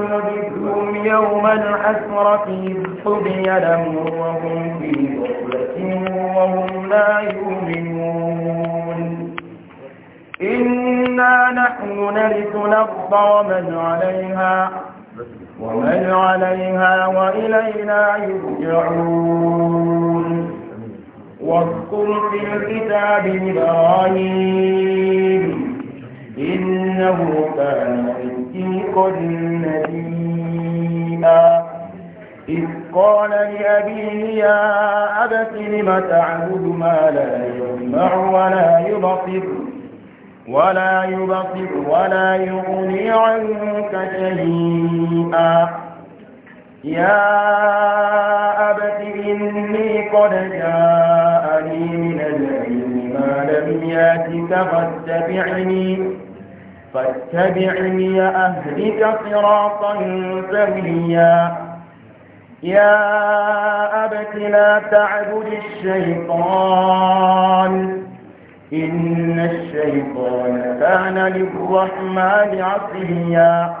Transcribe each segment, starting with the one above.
بكم يوم الحسرة إذ حبي الأمر وهم في غفلة وهم لا يؤمنون إنا نحن نرث الأرض ومن عليها ومن عليها وإلينا يرجعون واذكر في الكتاب إبراهيم إنه كان صديقا إذ قال لأبيه يا أبت لم تعبد ما لا يسمع ولا يبصر ولا يبصر ولا يغني عنك شيئا يا أبت إني قد جاءني من العلم ما لم يأتك فاتبعني فاتبعني أهلك صراطا سويا يا أبت لا تعبد الشيطان إن الشيطان كان للرحمن عصيا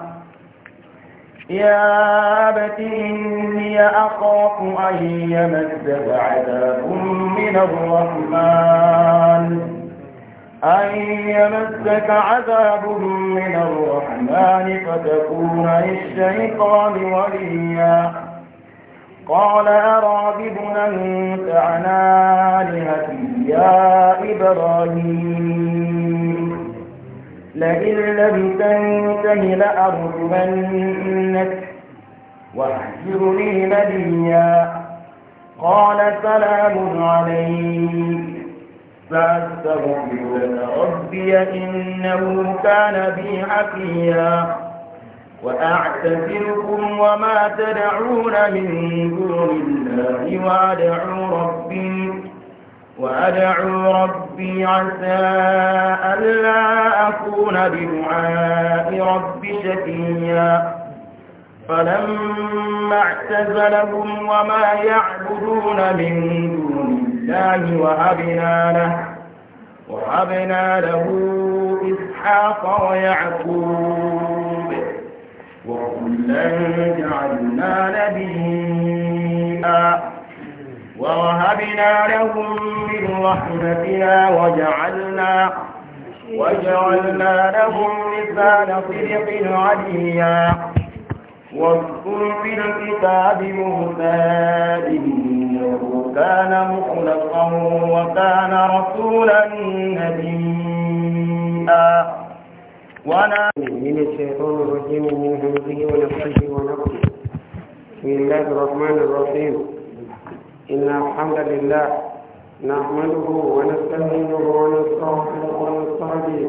يا أبت إني أخاف أن يمسك عذاب من الرحمن أن يمسك عذاب من الرحمن فتكون للشيطان وليا قال أراغب أنت عن آلهتي يا إبراهيم لئن لم تنته لأرجمنك واحجرني نبيا قال سلام عليك فاستغفر لك ربي انه كان بي حفيا واعتذركم وما تدعون من دون الله وادعو ربي وأدعو ربي عسى ألا أكون بدعاء ربي شقيا فلما اعتزلهم وما يعبدون من دون لله وهبنا له وهبنا له إسحاق ويعقوب وكلا جعلنا نبيا ووهبنا لهم من رحمتنا وجعلنا وجعلنا لهم لسان صدق عليا واذكر في الكتاب موسى إنه كان مخلصا وكان رسولا نبيا ولا من الشيطان الرجيم من همزه ونفسه ونفسه بسم الله الرحمن الرحيم إن الحمد لله نحمده ونستعينه ونستغفره ونستهديه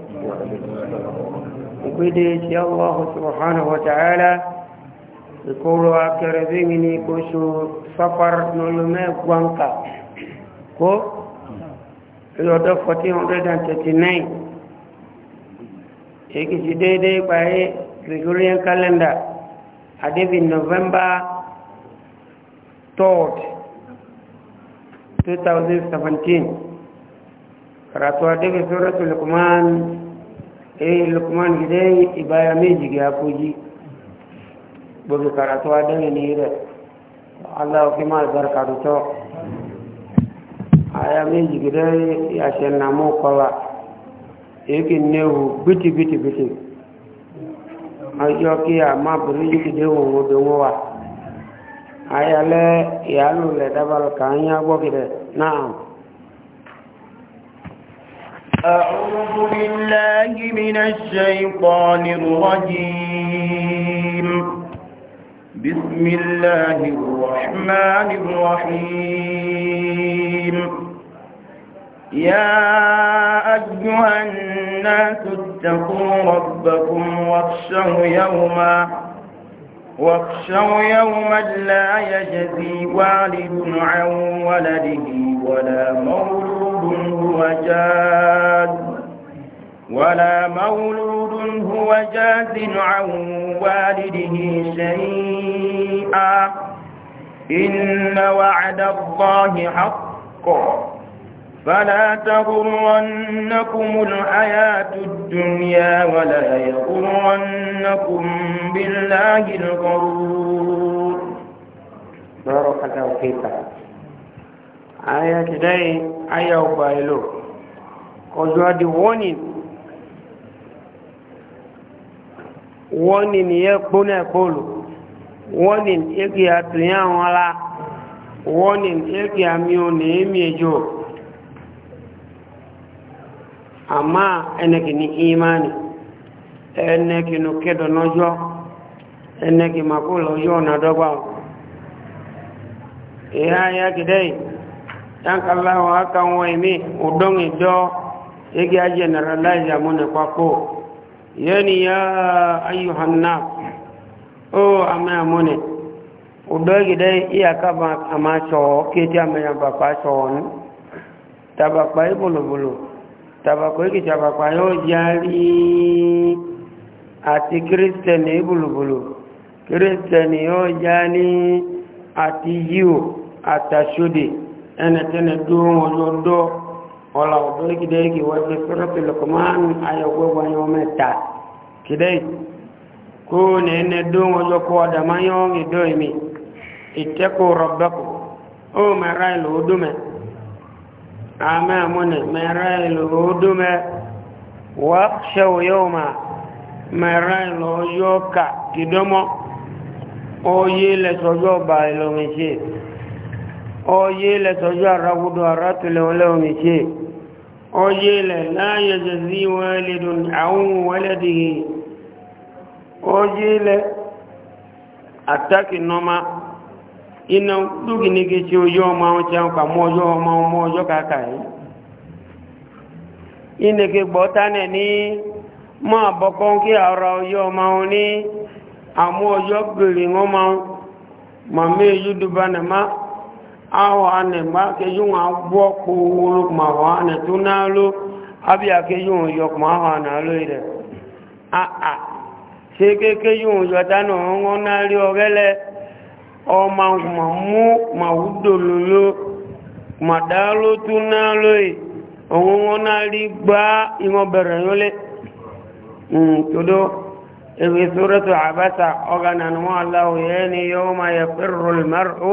وكديش الله سبحانه وتعالى يقول أكرزيني كشو سفر نلمي قوانكا كو يوضف 1439 إيكي سيدي باي Gregorian calendar àdébì November 3rd 2017 karatu àdébì suratul Luqman Eh, lukman gi dai ibaya me ji ga ko ji bo bi karatu a dan ni re allah ki ma dar ka do to aya me ji dai ya shen na mo ko la e ki ne wu biti biti biti a yo ki a ma bu ri ki de wo do wo wa aya le ya lu le da bal ka nya bo ki re na أعوذ بالله من الشيطان الرجيم بسم الله الرحمن الرحيم يا أيها الناس اتقوا ربكم واخشوا يوماً واخشوا يوما لا يجزي والد عن ولده ولا مولود هو جاد ولا مولود هو جاز عن والده شيئا إن وعد الله حق فلا تغرنكم الحياة الدنيا ولا يغرنكم بالله الغرور بارك الله فيك Aya today, Aya Ubailo. Because you are the warning. Warning ye kuna kulu. Warning eki atunya wala. Warning eki amio ni emiejo. Ama eneki ni imani. Eneki nukedo nojo. Eneki makulo yo na dogwa. Ya ya today tanka lawo aka wemi udongi do yake a generalize amune kwako yani ya ayyuhan nas o ame amune udogi dai iyaka ba amacho keti ame ya baba chon tabakwa ibulubulu tabakwa iki tabakwa yo jali ati kristian ibulubulu kristian yo jali ati yu atasudi ene tene doŋo yondo wala o doi kidai ki wadde surati lukman aya gogo yome ta kidai ko ne ene doŋo yo ko da mayongi doi mi itteko rabbako o marai lo dume ama mone marai lo dume waqshaw yoma marai lo yoka kidomo o yele sojo bailo mi oye le tojo aragudo aratule ole omiche oye le la yajzi walidun an waladihi oye le ataki noma ina dugi ni ke ti ojo ma o ti an ka mo ojo ma o mo ojo kaka yi ma o ni amu ojo gbere won ma mami yudu ahụ anị na-egbe akeji nwa agbụgbọ kpụrụ ma a na-etu n'alụ abịa akeji nwa ụjọ ma ahụ ire aa ṣe kékeji nwa ụjọ ta na na-arị ọma ma mụ ma wudololo ma daalụ tu ọṅụṅụ na-arị gbaa ịṅụ bere hmm, maru.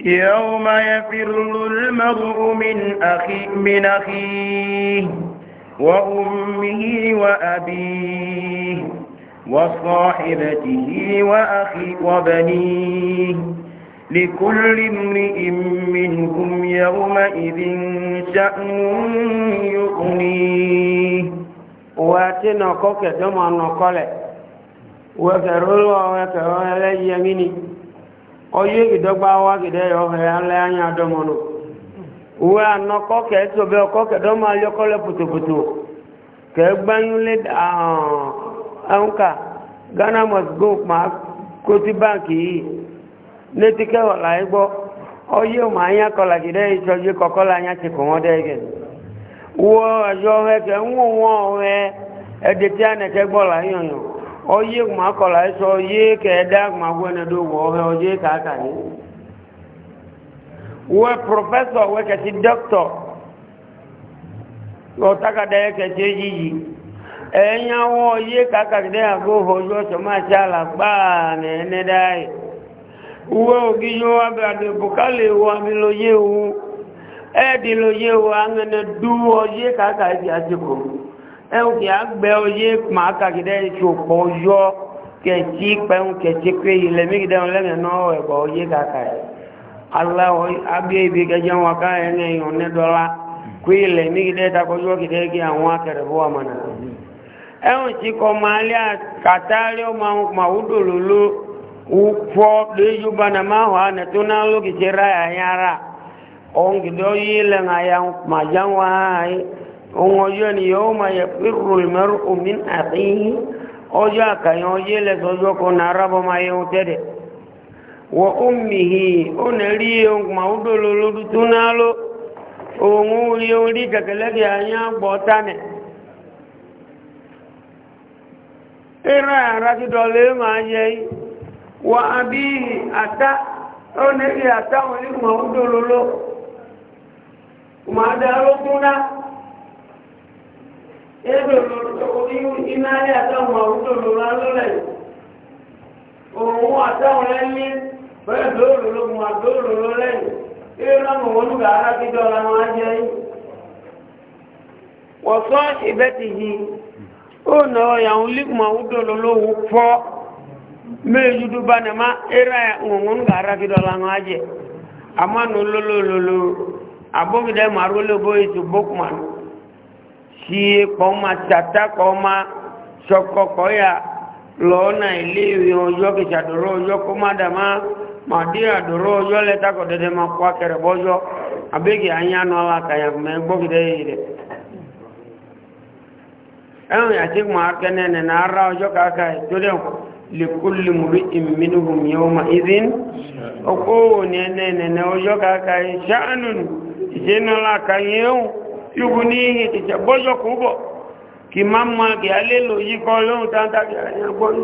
يوم يفر المرء من أخي من أخيه وأمه وأبيه وصاحبته وأخي وبنيه لكل امرئ منهم يومئذ شأن يغنيه واتنا كوكا دوما نقول وفروا وفروا لي يميني ọyọ́ ìdọ́gba wá gẹ̀dẹ́ ọ̀hẹ́ alẹ́ anya adọ́mọ́nù uwe anọ kọ́kẹ́ tóbi ọkọ́kẹ́ dọ́mọ ayọ́ kọ́lẹ̀ pụtụpụtụ kẹ́ gbányúlé ẹ̀húnkà ghana must go ma kó tí yi yìí létí kẹwàá láyé gbọ́ ọyọ́ mà anya kọ́lá gẹ̀dẹ́ ìtọ́jú kọ́kọ́lá anya ti kò dị dẹ́ gẹ̀ wọ́ oye kuma kọla ẹsọ oye kẹẹdá kuma gbẹnẹdó wọ ọhẹ oye kàákà ní wẹ pọfẹsọ wẹ kẹsí dọkítọ ọtakadà yẹ kẹsí yíyí ẹ̀yà wọ oye kàákà ní àgbo ojú ọsọ máa ṣe àlàgbà ní ẹni dáì wẹ ògì yóò wá bẹ àdìbò kálí wọ àmì lóye wọ ẹ̀ẹ́dì lóye wọ àǹgẹ̀nẹ̀ dúró oye kàákà ẹ̀dì àti kòmù. ẹ̀hùnkì àgbẹ̀ oyé máa kàkìdẹ́ ìṣòpọ̀ yọ kẹ̀tí pẹ̀hùn kẹ̀tí pé ilẹ̀ mígidẹ́hùn lẹ́mẹ̀ náà ẹ̀bọ̀ oyé kàkà ẹ̀ aláwọ̀ abẹ́ ibi máa lé àkàtàrí ọmọ màwúdò lòló wúpọ̀ ráyà yára ọ̀hún yí àyà ọjọ́ ni yóò máa yẹ pírù mẹ́rù omi àtìyìn ọjọ́ àkàyàn ọjọ́ ilẹ̀sọ ọjọ́ kan náà rábọ́ máa yẹ ohun tẹ́lẹ̀ wọ omihi ó nà rí ohun tó náà ohun orí orí kẹkẹlẹ́gì àyàn àgbọ̀ tánẹ̀ ìrà máa yẹ wọ ó nà rí náà ebe iná ayé àtàwọn àwùjọ lòlá lọ́lẹ̀ òun àtàwọn ẹni bẹ́ẹ̀ lóòrò lóògùn àdóòrò lọ́lẹ̀ eré láwọn olùgbà alákíjọ làwọn yìí wọ́n sọ ó nà ọ̀yàwó lígùn lọ́lọ́wọ́ bá nà má eré làwọn àmọ́ nà ó lọ́lọ́lọ́lọ́ ètò sie kɔma tata kɔma sɔkɔ kɔya lɔɔna iléèwé ɔjɔ kìsà dòrò ɔjɔ kɔma dama màdìrà dòrò ɔjɔ lɛta kɔdɛdɛ ma kó akɛrɛ bɔjɔ abéke anyanu ala kàyà mɛ gbɔgi dɛ yi dɛ ɛn yàtí kuma akɛnɛ nɛnɛ ara ɔjɔ kàkà yi tó dɛ lekuli muri iminuhum yawma idin ɔkó wò nɛnɛ nɛnɛ ɔjɔ kàkà yi sànun ìsɛnala kàyɛwò yóò ní ìtìtẹ̀ bọ́jọ́ kò bọ̀ kì má ma kì á lè lò yí kọ́ lóhun táńtà kì á yàn gbọ́n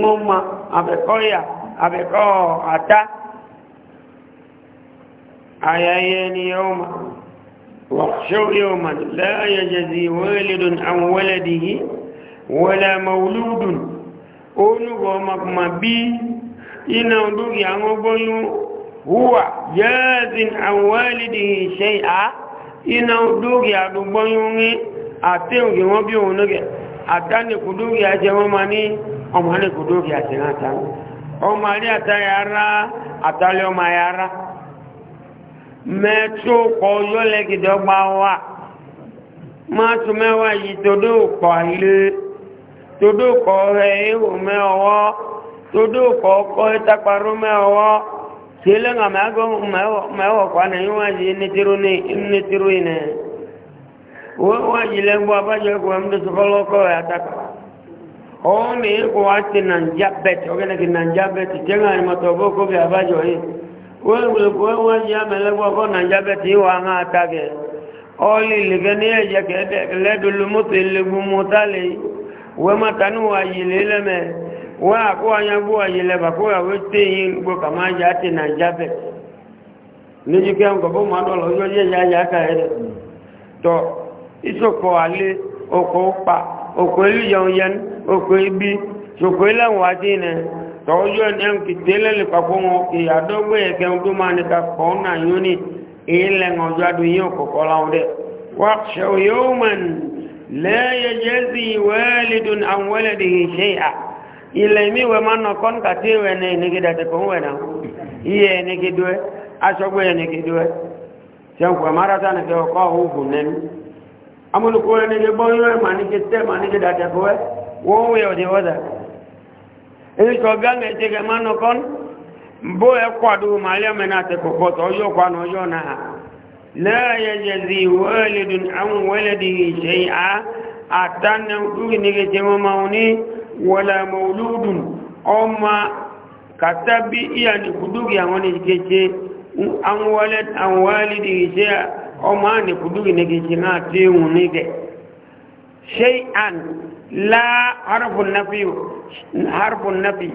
ń ma àbẹ̀kọ́ ìyà àbẹ̀kọ́ àtá ayẹyẹ ni yóò ma wàṣọ́ yóò ma lẹ́yẹjẹ sí wọ́lẹ́dùn àwọn wọ́lẹ́dì àwọn wọ́lẹ́dì yìí ṣe ina dogi adugbon yunni atin gi won bi won ge atani kudugi aje won mani o mani kudugi aje na ta o mari atayara atali o mayara me tu ko yo le gi wa ma tu me yi todo ko ile todo ko re o me owo todo ko ko ta paru me owo tele nga ma go ma wo kwa na ywa ji ni tiru ni ni tiru ine wo wa ji le ngwa ba je ko mdu so lo ko ya ta o ni ko ati na njabet o gele ki na njabet tenga ni matobo ko bi abajo yi wo wo ko wa ji ama le ngwa ko na njabet yi wa nga ta ge o li le ge ni je ke de le du lu mu te le gu mu ta le wo ma tanu wa yi le le me wọ́n àkówá yẹn gbó ọ̀yẹ lẹ́bà kó yàwó tẹ́ yìí gbó na a á ti nàìjà bẹ̀ lójú ma wọn gbọ́ máa ye ya ya yà e ká yẹ tọ́ ìsopọ̀ alẹ́ oko pa oko eléyàwó yẹn ibi soko eléwọ̀n àti nẹ tọ́ ọjọ́ yẹn kìtẹ́ lẹ́lẹ́ pàpọ̀ ilẹ̀ mi wẹ̀ máa nọ kọ́n kàtí wẹ̀ ní ẹnìkí dàtẹ̀ kò ń wẹ̀ náà iye ẹnìkí dúẹ́ aṣọ́gbẹ́ ẹnìkí dúẹ́ ṣẹ́nkù ẹ̀márátà ní kẹ́ ọkọ̀ òhùnkù nẹ́nu amúlùkù ẹnìkí gbọ́ yóò ẹ̀ máa níkí tẹ́ máa níkí Na àtànà òkúrì wọ́n máa ní wala mauludun ọma katabi iya ni kudugi àwọn ni keje an walad an walidi je ọma ni kudugi ni keje na te un ni de shay'an la harfu nafi harfu nafi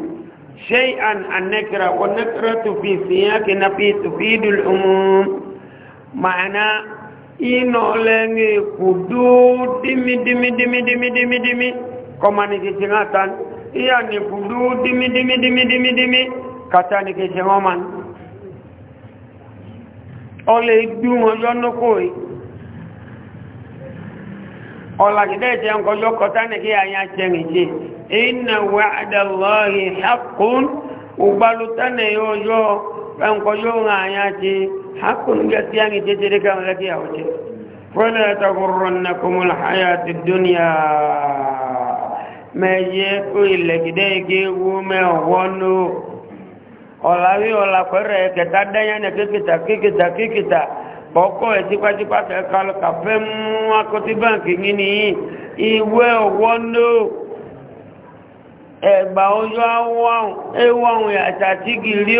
shay'an an nakra wa nakratu fi siyaq nafi tufidu al umum ma'ana ino lengi kudu dimi dimi dimi dimi dimi dimi komani ke jingatan iya ni kudu dimi dimi dimi dimi dimi kata ni ke jingoman ole idu mo yono koi ola gide je ngo yo kota ni ke aya jengi inna wa'da allahi haqqun ubalu tane yo yo ngo yo aya ji haqqun ga tiangi je je ka ngati awote ولا تغرنكم الحياة الدنيا mẹyẹ kó ilẹ̀ gidẹ́ igi wú mẹ ọ̀wọ́nú ọ̀làwí kẹta dẹ́yẹnẹ kíkìtà kíkìtà kíkìtà ọkọ̀ ẹ̀ kàfẹ́ mú akọtí báǹkì yìí ni ìwé ọ̀wọ́nú ẹgbà ojú ewọ́hùn àtàtì gìrí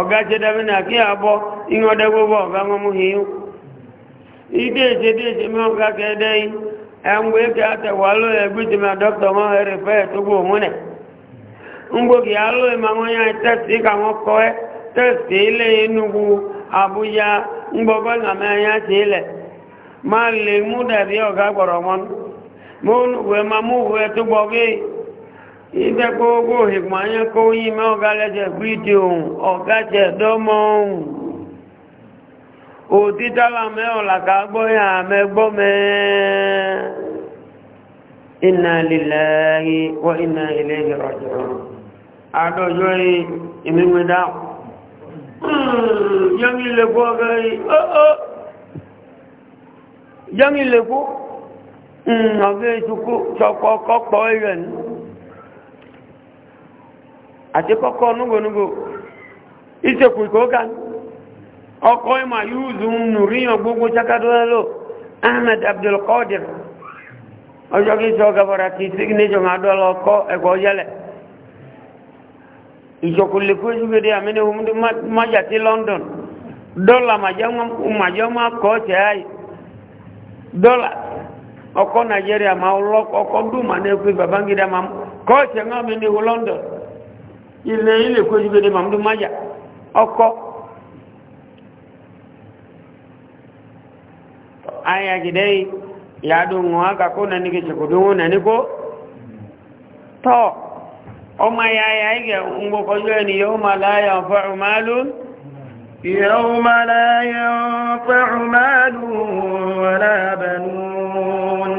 ọ̀gá jẹ́dàbí náà kí àbọ́ inú ọdẹ gbogbo ọ̀gá mọ́mú hìí ìdí èṣe dí èṣe mọ́ ọ̀gá kẹ́ẹ̀dẹ́ yìí ẹ̀mgbé kí a tẹ̀wà lóye gbìtì máa dọ́kítọ̀ mọ́ ẹ̀rẹ̀ múnẹ̀ ń gbòkì alóye máa wọ́n kọ́ ẹ́ tẹ́sì ilé inúgu àbújá ń ibẹ̀ gbogbo ìgbà yẹn kó yí mẹ́ ọ̀gá lẹ́jẹ̀ gbídì ohun ọ̀gá jẹ̀ dọ́mọ ohun òtítàlà mẹ́ ọ̀làkà gbọ́yà iná lílẹ̀ wọ́ iná ilé ìrọ̀jọ̀ àdọ́jọ́ ìmíwẹ́dá àti kọ́kọ́ nígbònígbò ìsẹ̀kù ìkóga ọkọ̀ ìmọ̀ yóò zùn nù ríyàn gbogbo jákàdọ́lẹ́lò ahmed abdulkadir ọjọ́ kí sọ gàbọ̀rà ti signature ma dọ́lọ ọkọ̀ ẹ̀kọ́ yẹlẹ̀ ìjọkùnlẹ̀ kú ẹ̀sùgbé dé àmì ní májà sí london dọ́là màjọ́mọ́ kọ́ ṣẹ́ àyè dọ́là ọkọ̀ nàìjíríà ma lọ́kọ̀ ọkọ̀ dùn màá ní ẹkùn ìbàbáńgídà màá kọ́ ṣẹ́ ńlá mi ní london. ilẹ̀ ilẹ̀ kójú gẹ́gẹ́ mamdu maja ọkọ́ aya gidẹ́ yàdùn wọn akàkó na ní kẹsẹ̀kọ̀dún wọn na ní kó tọ́ ọmọ ya ya igẹ̀ ngbọ́kọjú ẹni yóò ma láyà fọ́ ọmọlú يوم لا ينفع مال ولا بنون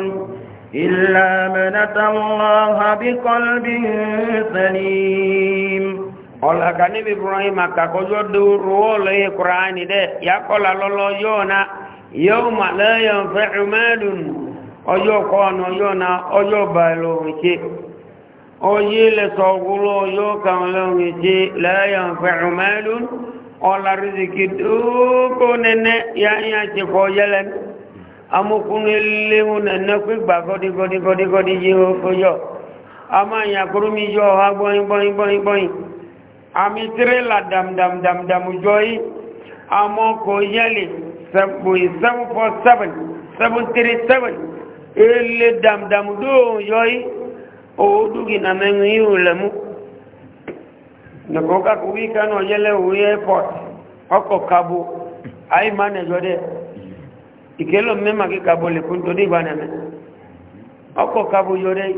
إلا من أتى الله بقلب سليم ọ̀la ka níbi ibrahim àkàkọ́jọ́ dúró ọ̀lọ́ ìkùránì dẹ̀ yàkọ́lá lọ́lọ́ yọ́ọ̀nà yóò mà lẹ́yìn fẹ́ẹ̀rù mẹ́rin ọjọ́ kọ́ọ̀nà yọ́ọ̀nà ọjọ́ bàálù ìṣe oyé lẹ́sọ̀ wúlò yóò kàn lọ́rùn ìṣe lẹ́yìn ṣe kọ́ yẹlẹ́nu amukunu elewu nana kpe gba gɔdi gɔdi gɔdi gɔdi yi o yɔ ama yakuru mi yɔ ha gbɔnyi gbɔnyi gbɔnyi gbɔnyi ami la dam dam dam dam jɔ yi amɔ ko yɛli sɛboyi seven four seven seven three seven ele dam dam do yɔ yi o dugi na mɛ ŋun yi o lɛ mu nako kakuru yi kan na o yɛlɛ o yɛ pɔt ɔkɔ kabo ayi ma nɛ jɔ dɛ. ìkélò mẹ́mà kí kàbò lè kún tó ní ìbánẹ̀mẹ́ ọkọ̀ kàbò yọrẹ́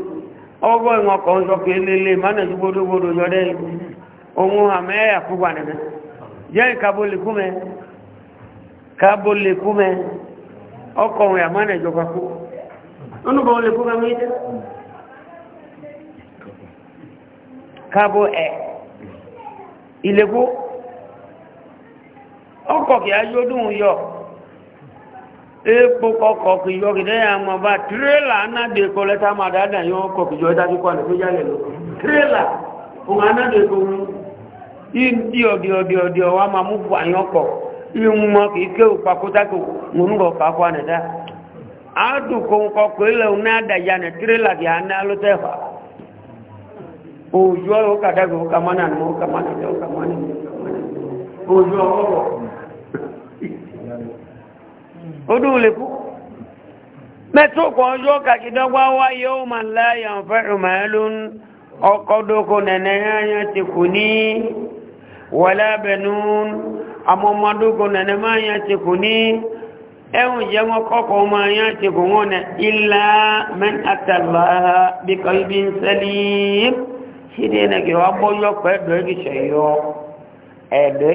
ọgbọ́ ìwọ̀n kan sọ pé lélẹ̀ mánàjú gbódógbódó yọrẹ́ ohun àmẹ́ àkúgbànẹ̀mẹ́ jẹ́ ìkàbò lè kú lè mẹ́ ọkọ̀ lè mẹ́ ọkọ̀ kìí yọ epo kọkọ kì yọ kìdẹ́ àmọ́ bá tírélà náà kò lẹ́ta máa dáadáa yọ ọkọ̀ kìjọ ẹ́ta tí kọ́ lẹ́tọ́ jálẹ̀ lọ tírélà òun anáàdé kò mú ìdí ọ̀dí ọ̀dí ọ̀dí ọ̀wá máa mú fún àyàn ọkọ̀ ìmọ̀ kìíké òpapọ̀tá kò mún lọ pàápọ̀ àdẹ́dá àádùkọ̀ kọkọ̀ ilẹ̀ òun náà odú lè kú mẹ́tò kan ọjọ́ kàkìdọ́gbà wáyé ó ma láyà ń fẹ́ ìmọ̀ẹ́lú ọkọ̀dókò nẹ̀nẹ̀ yányá ti kù ní wọ́lábẹ̀nú amọ́mọdókò nẹ̀nẹ̀ máyá ti kù ní ẹ̀hùn jẹ́ wọn kọ́kọ́ ma yá ti kù wọn nẹ̀ ilá mẹ́tàlá bí kọ́lbí ń sẹ́lí ṣídẹ̀ẹ́nẹ̀kì wá bọ́yọ́ pẹ̀ẹ́dọ̀ ẹ̀dọ̀ ẹ̀dọ̀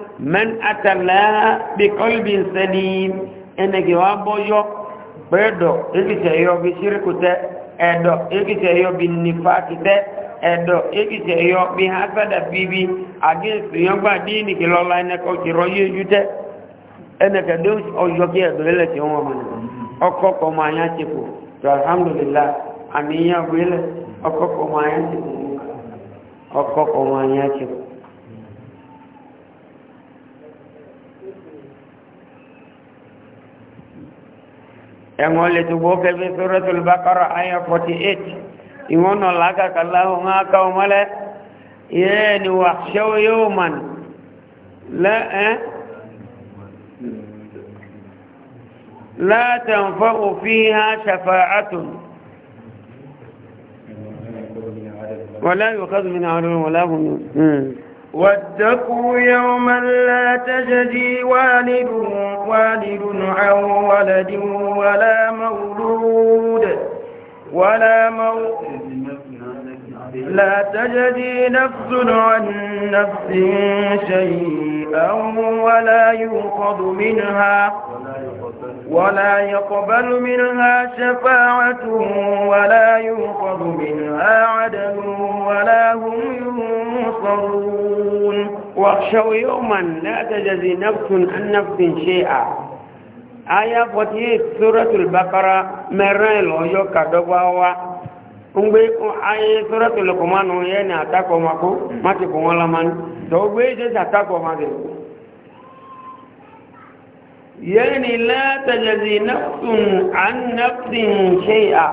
من أتى الله بقلب سليم إنك يو بيدو إنك تأيو بشرك تأ إيجي إنك تأيو بالنفاق تأ إيجي إنك تأيو بحسد بيبي أجل بعدين دينك الله إنك أترو يجو إنك دوش أو يوكي أدو إلا تيوما من أكو كما ياتيكو فالحمد لله أمين يا أكو كما ياتيكو أكو كما ياتيكو ẹ̀wọ̀n lè tó gbọ́ kẹfí sọ́rọ̀ tó ayọ̀ 48 ìwọ̀n nà lágàkà láhùn áká ọmọlẹ́ yẹ́ ni wà ṣẹ́wọ́ yóò màn lẹ́ẹ̀ẹ́ látàǹfọ́ òfin ha ṣàfà àtùn wọ́n láyò kọ́ واتقوا يوما لا تجدي والد والد عن ولد ولا مولود ولا مولود لا تجدي نفس عن نفس شيئا ولا يوقظ منها ولا يقبل منها شفاعة ولا يوقظ منها عدل ولا هم ينصرون واخشوا يوما لا تجزي نفس عن نفس شيئا آية فتية سورة البقرة مرين لوجو كدوباوا ngbe aye suratul kumanu yena atako mako mati kumala man to gbe je atako mako yani la tajazi nafsun an nafsin shay'a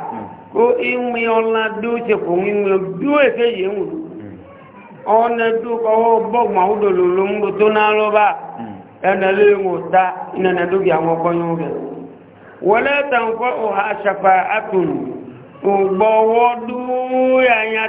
ko imi ola du se ko imi du e se ye mu ona du ko bo ma udo lo lo mu to na lo ba ana le mu ta ina na du ya mo mm. ko yun ge wala tanfa'u ha shafa'atun ugbowo du ya ya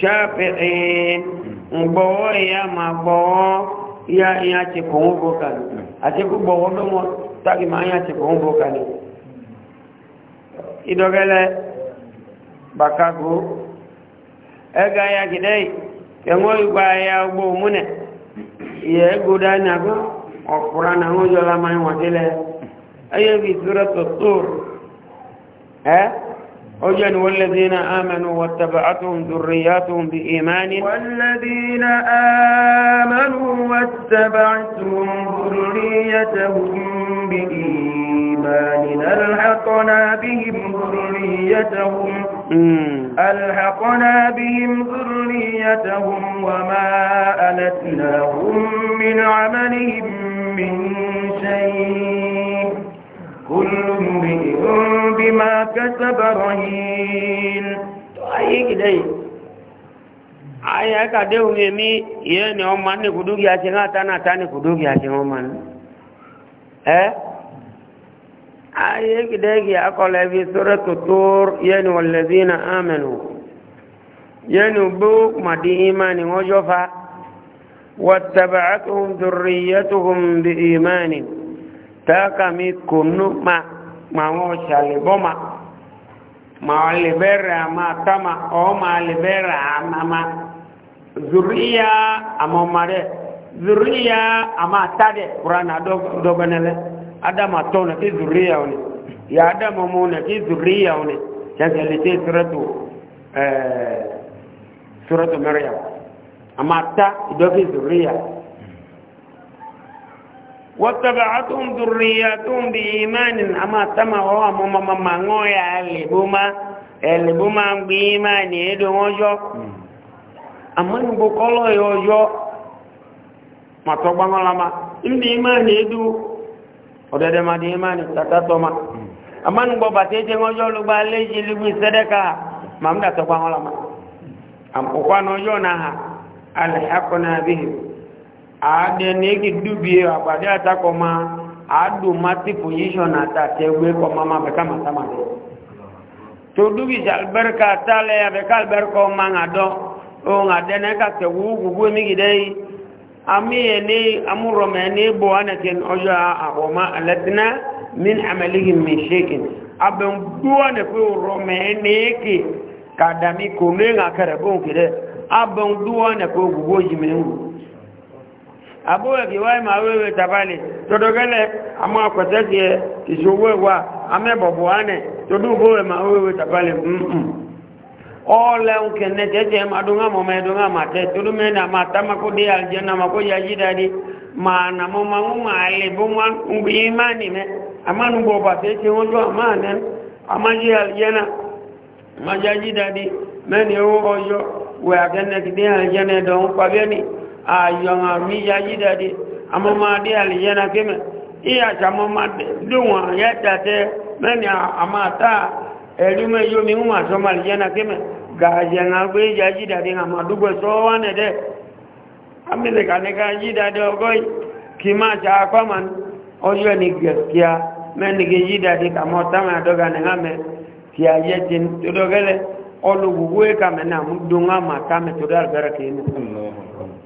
ṣáàpẹ̀ẹ́n gbọ́wọ́ ìyá máa gbọ́wọ́ ìyá ìyá ti kòun bó kàní àti kú gbọ́wọ́ tàbí kòun ya gidẹ́ kẹwọ́n ya ọgbọ́ òmúnẹ̀ ìyẹ́ ẹgbódá ní àgbọ́ ọ̀pùrá na wọ́n jọ lámáyín wọ́n عجن والذين آمنوا واتبعتهم ذرياتهم بإيمان والذين آمنوا واتبعتهم ذريتهم بإيمان ألحقنا بهم ذريتهم ألحقنا بهم ذريتهم وما ألتناهم من عملهم من شيء كل امرئ بما كسب رهين ayé kìdẹ́ yìí ayé kàdé òun èmi yẹ́ ni ọmọ ní kùdókì àti ẹ̀hán àtànàtà ní kùdókì àti ẹ̀hán ọmọ ní ẹ́ ayé kìdẹ́ yìí akọlẹ̀ bí sọ́rọ̀ tòtòr yẹ́ ni wọ̀lẹ̀bí na ámẹ́nu yẹ́ ni bó màdí ìmá ni wọ́n jọ́fà wọ́tàbàtùhùn dùrìyẹ́tùhùn bí ìmá ni taka mi kunu ma ma wọn ṣàlẹ̀ bọ́ ma ma wọn lè ma àmà tama ọ ma lè bẹ̀rẹ̀ àmà zuriya ama ọmọ rẹ̀ zuriya àmà tadẹ̀ kurana dọ́gbẹ́nẹlẹ́ adama tọ́ na kí oni wọn ya adama mu ki kí zuriya wọn ṣẹṣẹlẹ̀ suratu sọ́rọ́tò ẹ̀ẹ́ sọ́rọ́tò mẹ́rẹ̀ àmà ta ìdọ́kí zuriya. واتبعتهم ذرياتهم بإيمان أما تمعوا مما مما نويا لبما لبما بإيمان يدو وجو أما نبقلوا يوجو ما تقبعوا لما إن بإيمان يدو odede ma di imani tata toma ama batete ngojo lugba leji ma sedeka mamda to kwa ma am kwa nojo na ha alhaqna bihim àádẹ́nẹ́gì dúbí àgbàdé àtakọ̀ ma àádùmátí pòyíṣọ́nà àtàtẹ́gbé kọ máma bẹ̀ká màtàmà rẹ̀ tó dúbí sàlbẹ́rẹ́ká tálẹ̀ àbẹ̀ká àlbẹ́rẹ́kọ́ ma ń àdọ́ ohun àdẹ́nẹ́gà tẹ̀wú gbogbo mígidẹ́ yìí àmì ẹni amúrọ̀mẹ́ ní bọ̀ ánàkẹ́ ọjọ́ àwọ̀má alẹ́tìná min amẹ́lẹ́gì mi ṣékin abúwẹ̀ kí wáyé máa wéwẹ̀ tàbálẹ̀ tọ́dọ̀gẹ́lẹ̀ àmọ́ àkọ̀tẹ́sì ẹ ìṣòwò ẹ̀wà amẹ́bọ̀bọ̀ ánẹ̀ tọ́dúnbọ̀wẹ̀ máa wéwẹ̀ tàbálẹ̀ mmm ọlẹ́un kẹ̀nẹ́ tẹ́tẹ́ máa dúnhà mọ́ mẹ́dúnhà máa tẹ́ tọ́dúnmẹ́ni àmà àtàmàkó dé àlìjẹ́nà màkó yá yí dáadé máa nà mọ́ máa ń máa lè bó máa ń bí i máa nì mẹ́ àmánubọ̀ mẹ́ni owó ọjọ́ wẹ̀ àkẹ́nẹ́kì dé àlìjẹ́nà ẹ̀dọ̀ ń pàbẹ́ni ayọ̀mà e mi ya yí dàdé amọ́mọdé àlìyẹ́nà kémẹ̀ ìyàṣà mọ́mọdé dùnwọ̀n yẹ́ tàtẹ́ mẹ́ni àmàtà ẹ̀rùmẹ́ yomi ń wà sọmọ àlìyẹ́nà kémẹ̀ gàájẹ̀ ń gbé ya yí dàdé àmàdúgbò sọ́wọ́nẹ̀ dẹ́ amílẹ̀kàníkà yí dàdé ọgọ́ kì máa ṣe apámà ọjọ́ ni gẹ̀ẹ́kíá mẹ́nìkì yí dàdé kàmọ́ táwọn àdọ́gà nìhámẹ́ kì a yẹ ti tó dọ́gẹ́lẹ́ ọlọ́gbogbo ẹ̀kàmẹ́ náà mú dùn àmàtà mẹ́tọ́dọ́ àgbẹ̀rẹ̀ kìí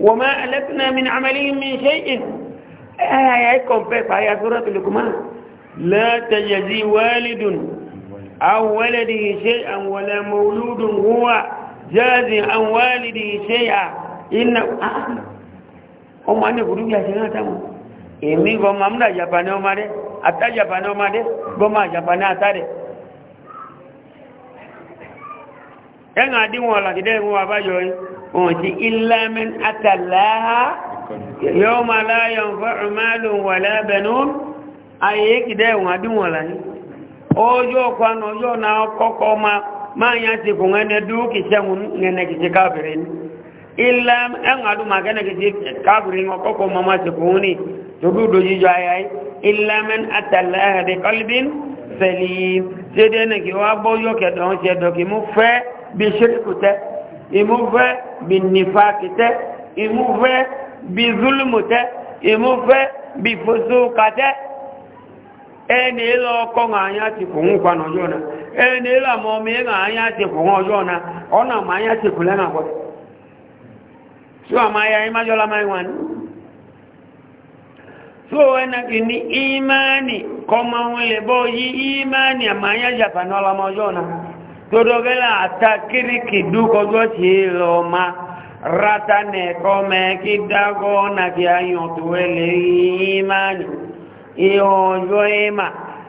وما ألتنا من عملهم من شيء آية كومبيك آية سورة لقمان لا تجزي والد أو ولده شيئا ولا مولود هو جاز عن والده شيئا إنه ọmọ ní ìbùdó bí àṣẹ náà tẹ́wọ̀n èmi gọmọ amúdà jàpáni ọmọ rẹ̀ àtà jàpáni ọmọ rẹ̀ gọmọ àjàpáni àtà rẹ̀ ẹ̀nà àdíwọ̀n ọ̀làkìdẹ́ ìwọ̀n àbájọ́ yìí òtí ìlàmín àtàláhà yóò máa láyọ̀n fún ìmáàlù wà lábẹ̀nú ayé kìdẹ̀ ìwọ̀n àdúnwọ̀n láyé ojú ọkwánà ojú ọ̀nà ọkọ̀kọ́ máa yá ti kùn ẹni dúkì sẹ́wọ̀n ẹnẹkìtì káàbìrì ní ìlàm ẹ̀ngàdùnmà kẹ́nẹkìtì káàbìrì ọkọ̀kọ́ máa ti kùn ní tóbi dojújọ ayáyé ìlàmín àtàláhà dẹ̀ kọ́lbín sẹ́lì ṣé dẹ́nẹ̀kì wá bọ́ yọ̀kẹ̀dọ̀ ń ṣẹ̀dọ̀ kì mú ìmúfẹ́ bí nífàkì tẹ́ ìmúfẹ́ bí zulumu tẹ́ ìmúfẹ́ bí fosóka ẹni ilọ̀ ọkọ̀ àyà ti fòun pànà ọjọ́ náà ẹni ilọ̀ àmọ́ mi ti fòun ọjọ́ náà ọ̀nà àmọ́ àyà ti fòun lẹ́nà àkọ́tù tí wọ́n máa so todogela ata kiri kidu kojo chilo ma rata ne kome kidago na kianyo tuwele imani ihojo ima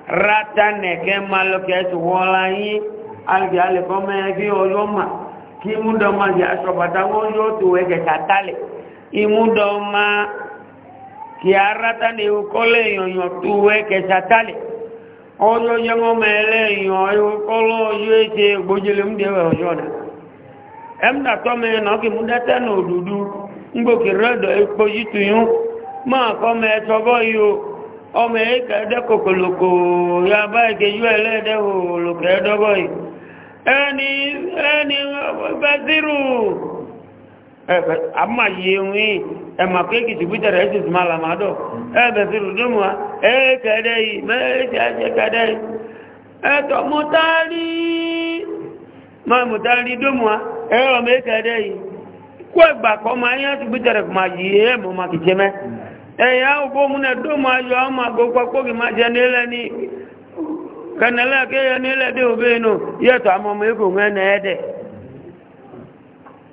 rata ne kemalo kesuwola yi alge ale kome kihojo ma kimudo ma ki asobata wojo tuweke katale imudo ma ki arata ne ukole yonyo tuweke satale ọjọ́ jẹ́ ọmọ mẹ́lẹ́ èèyàn ọyọ́ kọ́lọ́ ọjọ́ ètè gbójúlé ń dẹ̀wẹ̀ ọjọ́ náà ẹ̀mdà tọ́mẹ́ náà kì mú dẹ́tẹ́ nà òdúdú ńgbòkè rẹ́dọ̀ epo yìí máa kọ́ mẹ́ tọ́gọ́ o ọmọ ẹ̀ka e, kòkòlòkò ya báyìí ama yewe ema keki tibita rais mala mado ebe firudumwa e kadai me jaje kadai e to mutali ma mutali dumwa e o me kadai ko gba ma yan e tibita re ma ye e mo ma kijeme e ya ugo muna dumwa yo ma go kwa ni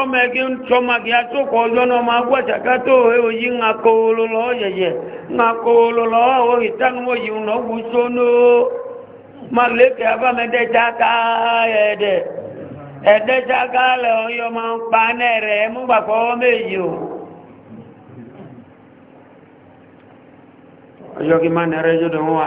ọmọ ẹgbẹ́ ń tọ́màgì àtòkọ̀ ọjọ́ náà máa gbọ́sàká tó èyí ń akọ̀ọ́lọ́ lọ́wọ́ yẹ̀yẹ̀ ń akọ̀ọ́lọ́ lọ́wọ́ orí tánuwọ́ yìí ń lọ́gbù sónú màlẹ́kẹ̀ abámẹ́dẹ́ jáká ẹ̀ẹ́dẹ̀ ẹ̀ẹ́dẹ́ jáká lẹ̀ ọyọ́ máa ń pa náà rẹ̀ mú bàbá ọmọ èyí o. ọjọ́ kí má nà ẹrẹ́jọ́ dùn wá.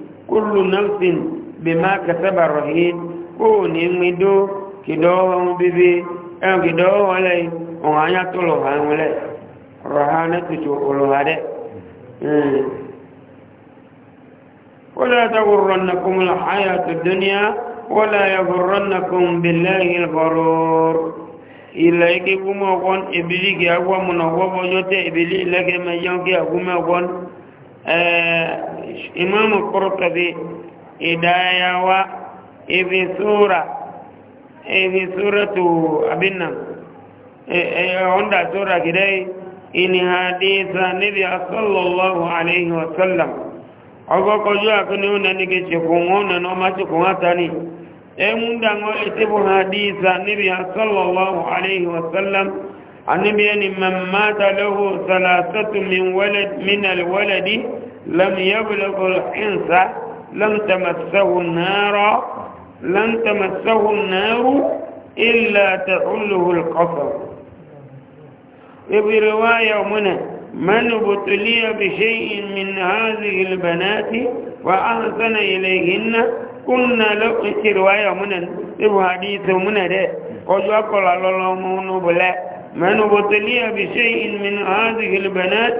kullu nafsin bima kasaba rahin ko ni mido kido won bibi en kido wale on anya tolo han wale rahana tutu ulo hade ولا تغرنكم الحياة الدنيا ولا يغرنكم بالله الغرور ilẹ̀ ike gúnmọ̀ ọgbọ́n ìbílí kí agbọ́mọ̀nà ọgbọ́bọ́ yóò tẹ́ ìbílí ilẹ́gẹ́mẹ́ yọ́n kí agbúnmọ̀ ọgbọ́n ẹ̀ẹ́ imamu qurtubi idayawa ibi sura ibi suratu abinna e, e, onda sura gidai ini haditha nabi sallallahu alaihi wa sallam agokoju akuni una nige chikunona no machi kunatani emunda ngoli tibu haditha nabi sallallahu alaihi wa sallam annabi ni man mata lahu thalathatu min walad min alwaladi لم يبلغ الحنث لم تمسه النار لم تمسه النار إلا تحله القصر في رواية منى من ابتلي بشيء من هذه البنات وأحسن إليهن كنا له في رواية منى في حديث منى ده وجوكل الله من بلا من ابتلي بشيء من هذه البنات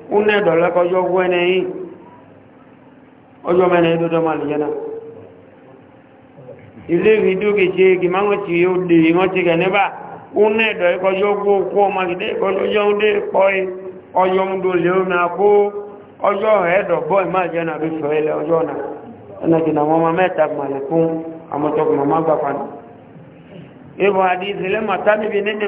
une dɔlɛ kɔjɔ wɛnɛ yi ɔjɔ mɛnɛ yi dodo ma lɛ yɛnɛ ilé mi dó ketse kìmá ŋɔ tsi yó de ŋɔ tsi kɛ nɛba une dɔlɛ kɔjɔ wó kó ma kìdé yi do na ma jɛ na do na ɛnɛ kìnnà mɔmɔ mɛ ma ibu hadithi le matani bi nini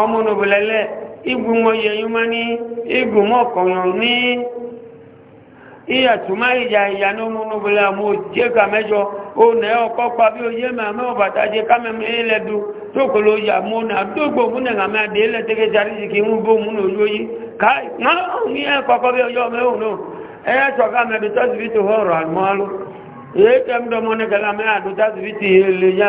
ọmọ nùbùlẹ́lẹ̀ igun oyè yúmá ní igun mọ́kànlọ́ ní ìyàtúmá ìjà ìyà ní ọmọ nùbùlẹ́ àmú jẹ́ka mẹ́jọ ó nẹ́ ọkọ́ pa bí oyé mẹ́mẹ́ ọ̀bàtà jẹ́ kámẹ́mẹ́ ilẹ̀dù tókòlò yà mú ya dógbò na àmẹ́ àdé ilẹ̀ tẹ́kẹ́ jarí sì kí ń bó múnà ojú oyé káì náà ní ẹ̀kọ́kọ́ bí ọjọ́ mẹ́hùn náà ẹ̀yà sọ̀ká èyí lè yá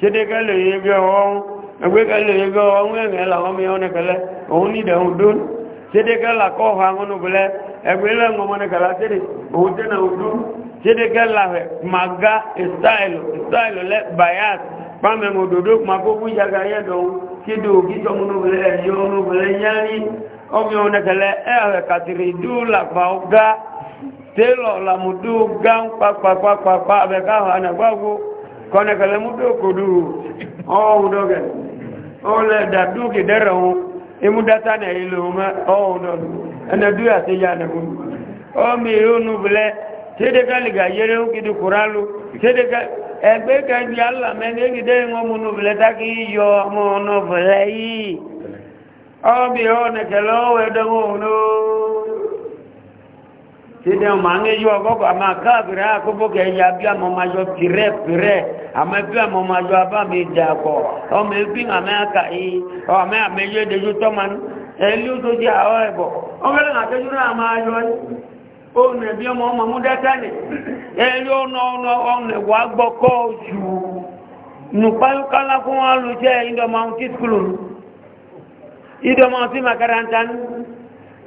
ṣédékẹ́ lè yé gẹ́ ọ̀hún ẹgbẹ́kẹ́ lè yé gẹ́ ọ̀hún ẹ̀rẹ́ làwọn mi ọ̀nà kẹlẹ́ òun nídẹ̀ òun dún ṣédékẹ́ làkọ́ ọ̀hún àwọn ọ̀nà ẹgbẹ́ lẹ́nu ọmọ nìkàlá ṣédé òun tẹ́nà òdú ṣédékẹ́ làwẹ̀ màgá ìstáìlù ìstáìlù lẹ́ bayat pàmẹ́ mọ̀ òdòdó màkókú ìjàgà yẹ́dọ̀ ṣédé òkí tọmọnúbìlẹ̀ ẹ̀yọ́ ọmọbìlẹ̀ yẹ́rí ọmọ ọ̀nà kẹlẹ́ ẹ̀rẹ̀ kàtìrì dú làpá ọgá tẹ́lọ̀ làmùdú gá ń pàpàpàpàpà kọ́nẹ̀kẹ̀lẹ́ mú tó kò dúró ọ̀hún dọ́gẹ̀ ọ̀hún ẹ̀dà dúkì dẹ́rẹ̀ wọn imú dátà nẹ̀ ilé wọn ọ̀hún dọ́dù ẹnẹ dúyà sí ya nẹ̀kún ọmọ ìlú nù bilẹ̀ tẹ́dẹ́ká lìgà yẹrẹ òkìdí kùrálù tẹ́dẹ́ká ẹgbẹ́ kẹjì alàmẹ́ni èkìdẹ́ wọn mú nù bilẹ̀ tákì yọ ọmọ ọ̀nà bilẹ̀ yìí ọmọ ọ̀nẹ̀kẹ̀lẹ́ ọ̀wẹ̀dẹ̀ wọn ò sede mange yo gogo ama kabira ko boke ya bia mo ma yo pire pire ama bia mo ma yo aba mi da ko o me bi nga me ka i o me me yo de yo elu ja o ebo o me na ke ama yo o ne bi mo ma mu da elu no no o ne wa gbo ko ju nu pa kala ko alu je indo mountain school indo mountain makarantan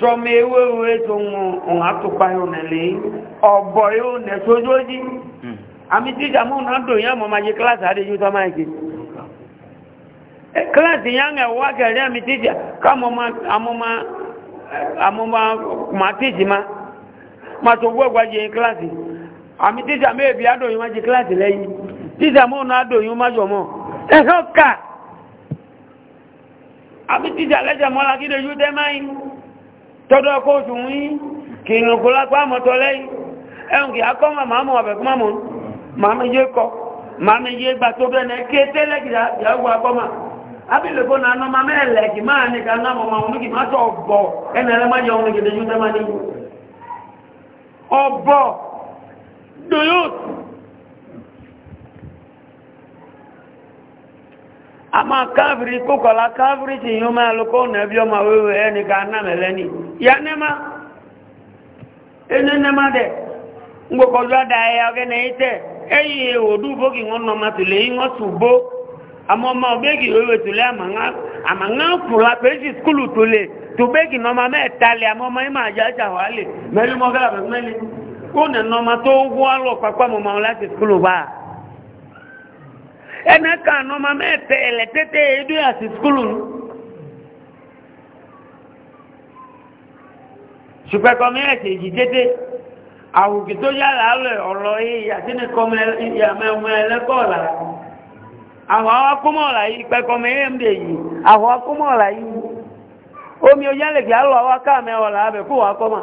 sọmọ ewé ewé tó ń àtùpá yóò nà ọ̀bọ̀ yóò nà sójójí àmì tí ìjàmú náà dò yán mọ̀ máa yẹ kíláàsì àdéjú tó máa kì kíláàsì yán ẹ̀ wá kẹrẹ àmì tí ìjà káàmọ́mọ́ máa tíjì má máa tó gbọ́gbà jẹ kíláàsì àmì tí máa jẹ kíláàsì lẹ́yìn tí ìjàmú náà máa tọ́dọ̀ ẹkọ́ oṣù wí kì í rùn kó lápá àmọ́tọ́ lẹ́yìn ẹ̀hùn kì í akọ́ màmá mọ̀ ọ̀bẹ̀ kúmọ̀ mọ̀ yé kọ yé gbà tó bẹ́ẹ̀ tẹ́lẹ̀ kì kó na kì máa ama kaviri kukola kaviri ti nyuma aluko na bi wee wee eni ka na meleni ya nema ene nema dị ngo ko da da ya ge na ite eyi odu bo ki ngono ma ti le ngo subo amụma ma obe ki wewe tule ama nga ama nga pula peji skulu tule tube ki n'ọma ma me tale ama ma ma ja ja wale melu mo gala meli ko ne no ma to wo alo papa mo ma lati skulu ba ẹnẹ kan ọmọ mẹ́tẹ̀ ẹ̀lẹ̀ tètè edu àti sukulu supẹkọmi ẹsẹ èyí tètè àwùjọ tó yára alẹ ọlọ yìí àti ní kọmẹ ìyàmẹwẹ ẹlẹkọọla àwọn akọmọọla yìí pẹkọmẹ md yìí àwọn akọmọọla yìí omi oyálẹ̀gbẹ̀ alọ àwọn akáàmẹ ọ̀la abẹ fún wa kọ́mà.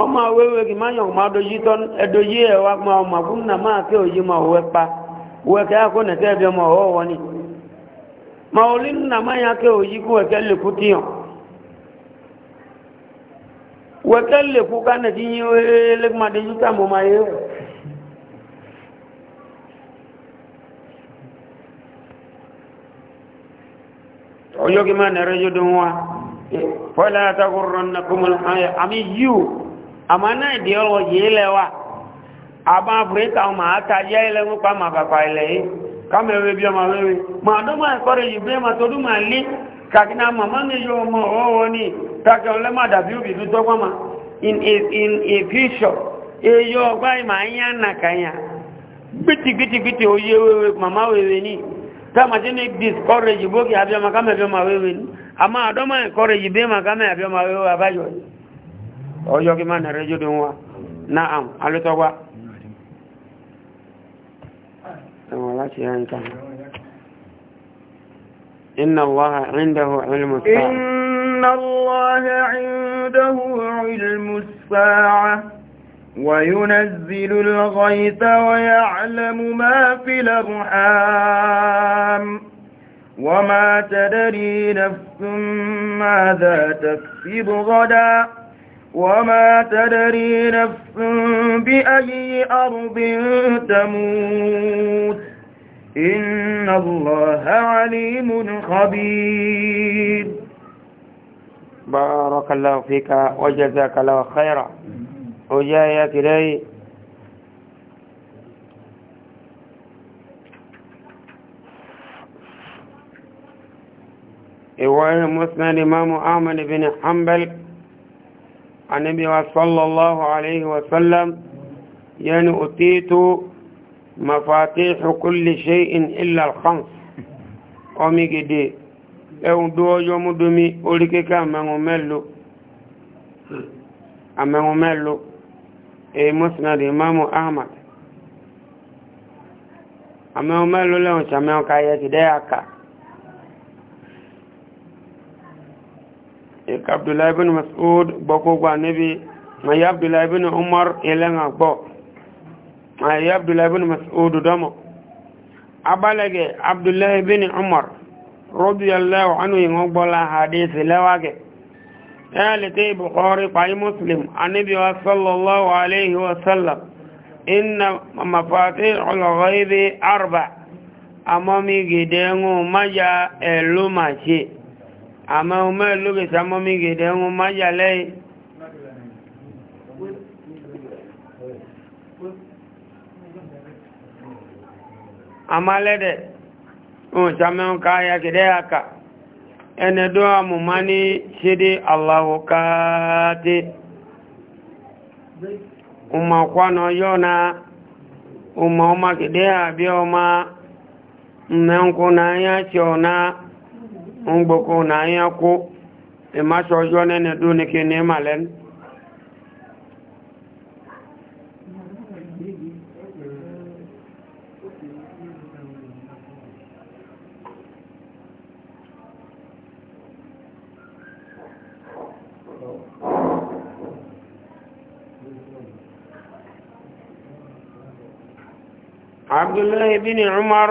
ọmọ awewe kì máa yàn máa dojú tọ́ ẹdojú ẹ̀ wá máa ọmọ fún nà máa kí òjì máa wẹ́ pa wẹ́ kẹ́ àkó nẹ̀kẹ́ ẹ̀bí ọmọ ọ̀họ́ wọn ni máa olí nà máa yàn kí òjì kú ẹ̀kẹ́ lèkú tíyàn wẹ́kẹ́ lèkú kánà tí yín ẹlẹ́gbẹ́ dojú tà mọ́ máa yẹ ọjọ́ kí máa nẹ̀rẹ́ yóò dún wa fọ́lá àtàkùn nàkùnmọ́ àmì yíò àmàna ideology ilẹ̀ wa àbá afirika ọmọ àtàjẹ́ ilẹ̀ nípa màkàkà ilẹ̀ yìí kámẹ́wé bí ọmọ wéwé máa dọ́gbà ìkọ́rẹ̀ yìí bí ma tó dùn máa lé kàkínà màmá mi yọ ọmọ ọwọ́ ní tàkẹ́ ọlẹ́mà dàbí òbí tó tọ́gbà ma in a in a future eyo ọgbà ìmà ayé ànàkànyà gbìtìgbìtìgbìtì oyé wéwé màmá wéwé ní táàmàtí ní discourage bókè àbí ọmọ kámẹ́bí ọmọ wéwé ní àmà àdọ́mà ìkọ́rẹ̀ yìí bí ma kámẹ́ àbí ọmọ wéwé abájọ́ yìí ọjọ́ kí máa nàrẹ́ jù dùn wa náà alótọ́wà ẹ̀wọ̀n láti rẹ̀ nǹkan inna allaha indahu ilmu sa'a inna allaha indahu ilmu sa'a وينزل الغيث ويعلم ما في الأرحام وما تدري نفس ماذا تكسب غداً وما تدري نفس بأي أرض تموت إن الله عليم خبير بارك الله فيك وجزاك الله خيرا وجاية إلي إيوان مسلم الإمام أحمد بن حنبل النبي صلى الله عليه وسلم يعني أتيت مفاتيح كل شيء إلا الخمس أمي دي أو دو يوم دمي أوليك كما مملو أما مملو أي مسند إمام أحمد أما مملو لهم شمعوا كاية ديكا ika abdullahi bin mas'ud gbọ́kọ́gbà níbi ayi abdullahi bin umar ilẹ̀ngà gbọ́ ayi abdullahi bin mas'ud dọ́mọ̀ abalẹ̀gẹ̀ abdullahi bin umar radiyallahu anhu yìí wọ́n gbọ́lá hadith lẹ́wàgẹ̀ ẹ̀lẹ́tẹ́ bukhari pàyí muslim anibi wa sallallahu alayhi wa sallam inna mafati al-ghaibi arba amami gidan maja eluma ce àmọ́ ọmọ ìlúgbè sámọ́ mi gèdè ń má Ama lẹ́yìn àmọ́ lẹ́dẹ̀ ohun sámọ́ ń ká ya gèdè àkà ẹni dún àmù má ní ṣédé aláwọ̀ káàtì ọmọ na ya ọmọ mgboko na anya kwụ ịmasị ọjọọ na n'ike n'ịmalen عبد الله بن عمر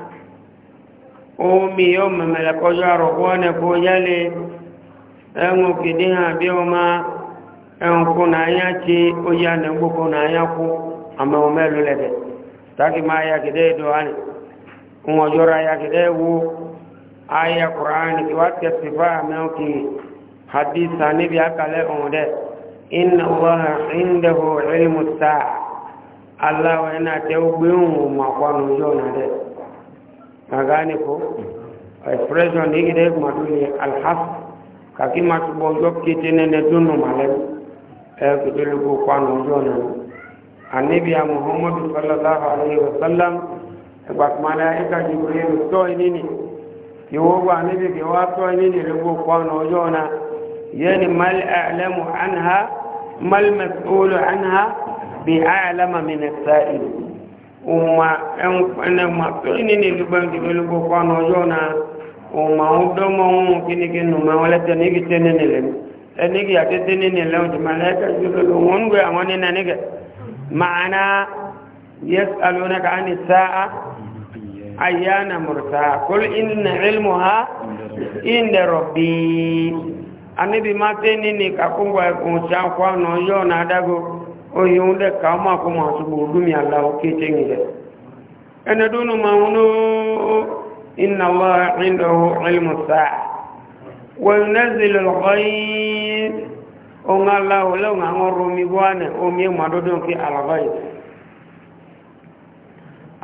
omi yóò mẹ̀mẹ̀lẹ̀ kọjọ́ àrọ̀kọ́ ọ̀nà kó jálẹ̀ ẹ̀wọ̀n kìdí hàn bí ọmọ ẹ̀wọ̀n kó náà ti ó yá nà gbogbo náà kú àmọ́ mẹ́lú lẹ́dẹ̀ allah wa ina tẹ́ gbé òun mọ̀ àkọ́nù jọ́ náà de na gane ko expression ni gide kuma duni alhaf kaki ma tubo yo kete ne ne dunu male e kudele ko kwano jona annabi ya muhammad sallallahu alaihi wasallam e ba mala e ka jibril to nini yo wa annabi ke wa to nini le ko kwano jona yani mal a'lamu anha mal mas'ulu anha bi a'lama min as-sa'il ụma a mmatụ ịnị na-elugbe nke belugbo n'ọjọọ na a na ụma nwelete na igite nenele m enigi atete nenele ojimala eke jụlụlụ nwongwe anwụ nina nige ma'ana yas'alunaka an sa'a ayyana mursa kul inna ilmuha inda rabbi anibi ma tenini kakungwa n'ọjọọ na oyi ń lẹ́ ká máa kó máa tó gbogbo mi àlá òkè tẹ́yìn rẹ̀ ẹni dúnú máa ń ló iná wá rínlọ ilmù sáà wọ́n lẹ́sìn lọ́kọ́ yìí ohun aláwọ̀ lẹ́wọ̀n àwọn romi buwane omi ẹ̀mọ́ àdọ́dọ́ kí alaba yìí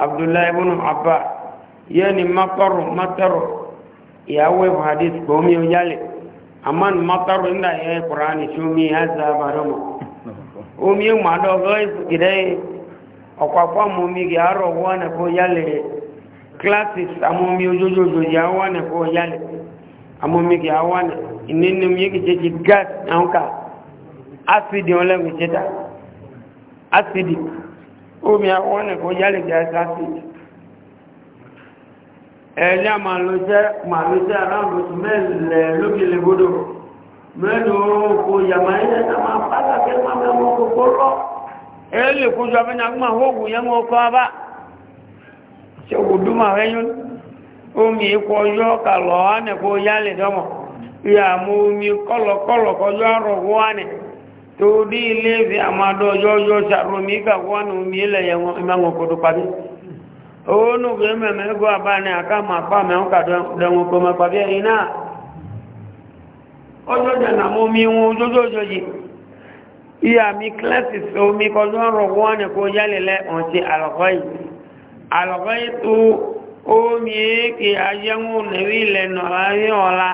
abdullahi ibn abba yẹni makaru mataru ìyàwó ẹ̀fọ́ hadith gbọ́mí ọ̀yálẹ̀ omi ma do go gide okwapo mo mi gi aro wona ko yale classes amo mi ojojojo ya wona ko yale amo mi gi awane inene mi gi jeji gas anka acid on le mi jeta acid omi awone ko yale gas acid ẹ̀ẹ́dá màá ló jẹ́ màá ló jẹ́ aráàlú mẹ́lẹ̀ lókèlè gbódò mẹ́nu kò yàmà ilẹ̀ náà máa pàtà kí ẹ máa mẹ́wọ́n kòkó rọ́ ẹ lè kó jọ abẹ́nà agbọ́n àwọ̀gù yẹn wọ́n kọ́ abá ṣe ògùdú máa rẹ́yún omi ikọ̀ yọ kàlọ́ ánẹ̀ kó yálẹ̀ dọ́mọ̀ ìyàmú omi kọ́lọ̀kọ́lọ̀ kọjọ́ àrọ̀wọ́ ánẹ̀ tó dí ilé ìfẹ́ àmàdọ́ yọ́yọ́ sàrọ̀mí kàwọ́nù omi ilẹ̀ yẹn ìmọ̀ kòtò pàdé òun nù ọjọ́ jẹ̀nà mú mi wọn ojójójó yìí ìyá mi kílẹ̀sì fẹ́ omi kọjú ọ̀rọ̀ wọ́n ní kó yálẹ̀lẹ́ ọ̀n ti àlọ́kọ́ yìí àlọ́kọ́ yìí tó omi èké ayéhùn nẹ̀wí ilẹ̀ nọ̀lá rí ọ̀la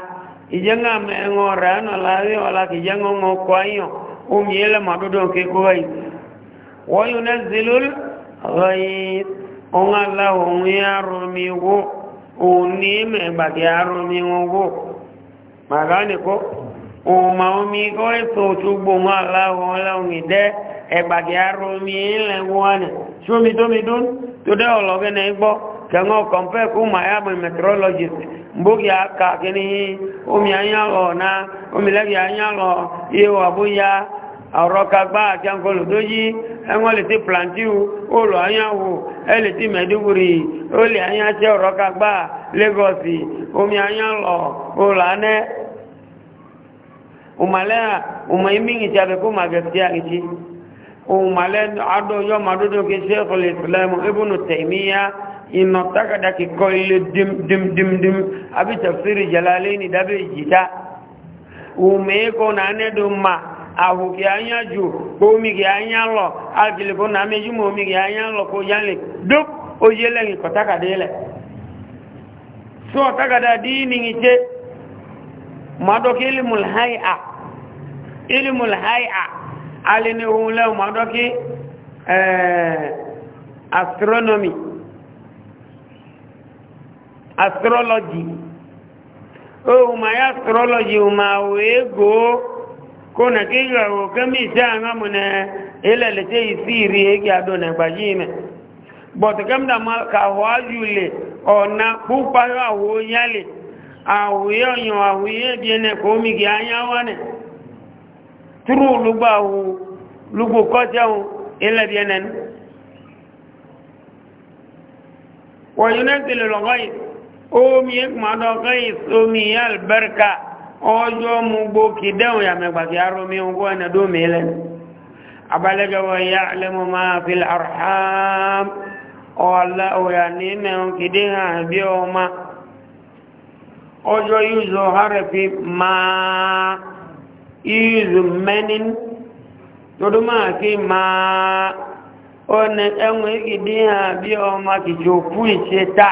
ìjẹ́ngà mẹ́rin rẹ̀ nọ̀lá rí ọ̀la kì jẹ́ngà ọmọ ọkọ̀ ayọ̀ omi èlẹ̀ màdúdú kékó yìí wọ́n yóò ní zilul ọ̀hún aláwọ̀ ọ̀hún yà ma omi goeso otu ugbo nwa ala ọla omide ẹgbàgì ara omi ilẹ̀ wọn ṣómidómidó tó dẹ́ ọ̀lọ́gẹ́ na igbọ́ kẹ̀wọ́n kọ̀m̀pẹ́ kú miami meteorologist mbógi aka omi anyalọ̀ na omilẹ́gì anyalọ̀ ihò àbúyá ọ̀rọ̀kagbá àti àǹkọlù tó yí e ẹwọ́n lè ti plantiu olù anyáwò ẹ e lè ti ó lè ọ̀rọ̀kagbá lagos omi anyalọ̀ olù anẹ́ umalea umaimingi chabe kuma gaskiya ngi umalen ado yo madodo ke sheikhul islam ibn taymiya inna takada ki koyle dim dim dim dim abi tafsir jalalaini dabe jita ume ko nane dumma ahu ki anya ju ko mi ki anya lo agile ko na meju mo mi ki anya lo ko yanle dup o yele ngi ko takadele so dini ngi madoki ilimul hai'a ilimul hai'a alini ohun lẹ́wọ̀n madoki eh, astronomy astrology ohun ma ya astrology ma wee goo kó na kí ìrọ̀rọ̀ kẹ́mí ìṣẹ́ àwọn amúnẹ ilẹ̀lẹ̀tẹ́ ìsí ìrí egi àdónà ìgbàjí ìmẹ̀ bọ̀tù kàwọ́ ájú lè ọ̀nà púpáyọ̀ àwọ̀ yálè àwòyé ọ̀yàn àwòyé ẹ̀bí ẹnẹ kò omi gẹ̀ anyá wá nẹ̀ túrù lúgbà àwò lúgbò kọ́jẹ́ ohun ilẹ̀bí ẹnẹ nù wọ̀nyún náà tẹ̀lé lọ́gọ́ yìí omi ẹ̀kùnmọ́ adọ́gọ́ yìí omi alberka ọjọ́ mú gbókì dẹ́hùn yàmẹ́gbàgbé arómi ogún ẹ̀nà dómi ilẹ̀ òyà ní mẹ́rin kìdí hàn bí ọmọ ọjọ́ yízo harafi máa yízo mẹ́nin tọdú máa kí máa ó ní ẹ̀wọ̀n ìgidí hàn bí ọmọ taa. òkú ìṣe ta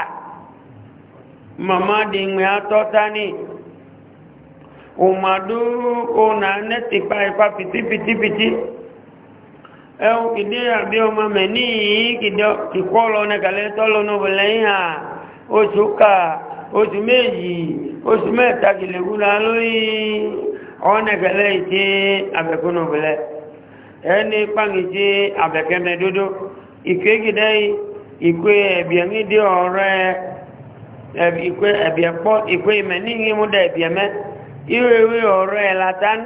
màmá di ìwé ní òmàdó ọ̀nà ipa pìtìpìtìpìtì ẹ̀wọ̀n kìdí hàn ọmọ mẹ́ ní ìyí kìkọ́ lọ nẹ́kàlẹ́ oṣù méjì oṣù mẹ́ta kìlẹ̀kú náà lórí ọ̀nẹ́gẹ̀lẹ́ ìṣe abẹ̀kúnnùbẹ̀lẹ̀ ẹni pàǹgì ṣe dúdú ìkéèkìdẹ́ ìkó ẹ̀bìẹ̀mídé ọ̀rẹ́ ìkó ẹ̀bìẹ̀pọ̀ ìkó ìmẹ̀ ní ẹ̀bìẹ̀mẹ́ ìwéwé ọ̀rẹ́ látán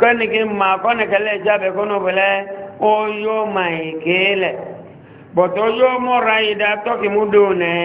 kọ́nìkì mà kọ́nìkẹ́lẹ́ ìṣe abẹ̀kúnnùbẹ̀lẹ̀ ó yóò mà ìkéèlẹ̀ bọ̀tọ̀ yóò mọ́ra ìdá tọ́kìmúdò náà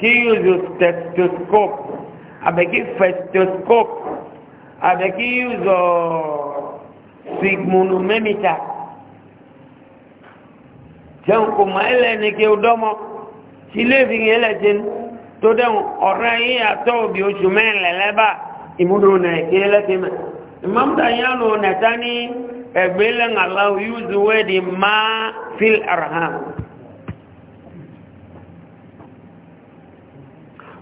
kí use stethoscope àbẹ̀ kí festoscope àbẹ̀ kí use uh, sigmonometer jẹun kò mọ ẹlẹ́ni kí o dọ́mọ tí ilé fi yẹn lẹ́sẹ̀ tó dẹ́hùn ọ̀rẹ́ yìí àtọ́ òbí oṣù mẹ́rin lẹ́bà ìmúdò náà kí ẹlẹ́sẹ̀ mẹ́ ìmọ̀mùtà yẹn lò nẹ̀ta ní ẹgbẹ́ lẹ́ngàlá yóò zuwẹ́ di máa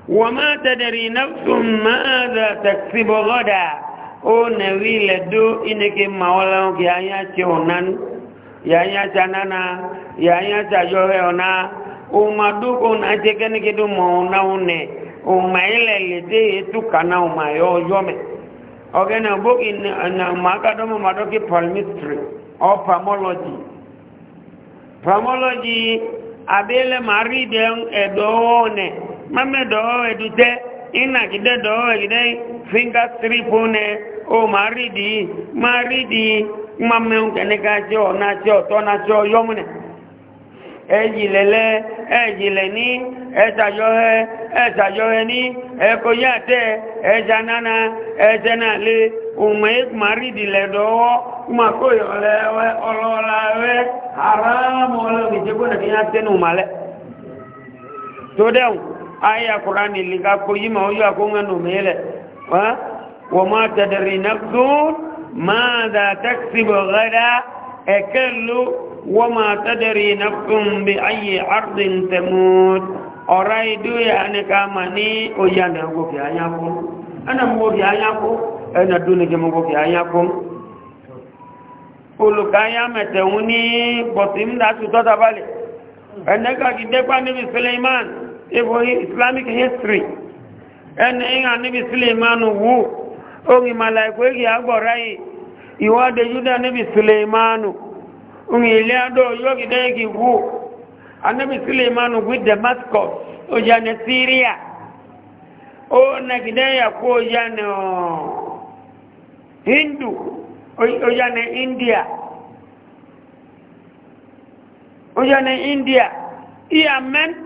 وما تدري نفس ماذا تكسب غدا او نوي لدو انك مولاو يا يا تشونان يا يا تشانانا يا يا تشوهونا وما دوكون اجكن كدو موناونه وما للدي تكنا وما يوم ogena book in na makadoma madoki palmistry or palmology palmology abele mariden edone mamedo owe dute ina kidedo owe gidei finga stripune o maridi maridi mame unke nika jo na jo to na jo yomune eji lele eji leni eja yohe eja yohe ni eko yate eja nana eja nali umeik maridi ledo umako yolewe ololawe haramu ole kichiku na kinyate numale Tudeu. So, aya qur'ani li ga ko yima o ya ko ngano mele ha wa ma tadri nafsun ma za taksibu ghada akallu wa ma tadri nafsun bi ayi ardin tamut oraidu ya ne kama ni o ya na go ki aya ko ana mo bi aya ko ana duni ke mo go ki aya ko olùkáyà mẹ̀tẹ̀hún ní bọ̀tí ń dá tutọ́ tabalẹ̀ ẹ̀nẹ́gàgídẹ́pá níbi suleiman ibo islamic history ẹni ìhàn níbi suleimanu wú omi màláìkò èkì agbọ̀rá yìí ìwọ́de júdá níbi suleimanu omi ilé adó yókìdá èkì wú anábi suleimanu wí damascus ojá ní syria ó nàgídá yàkó ojá ní hindu ojá ní india ojá ní india ìyá mẹ́ta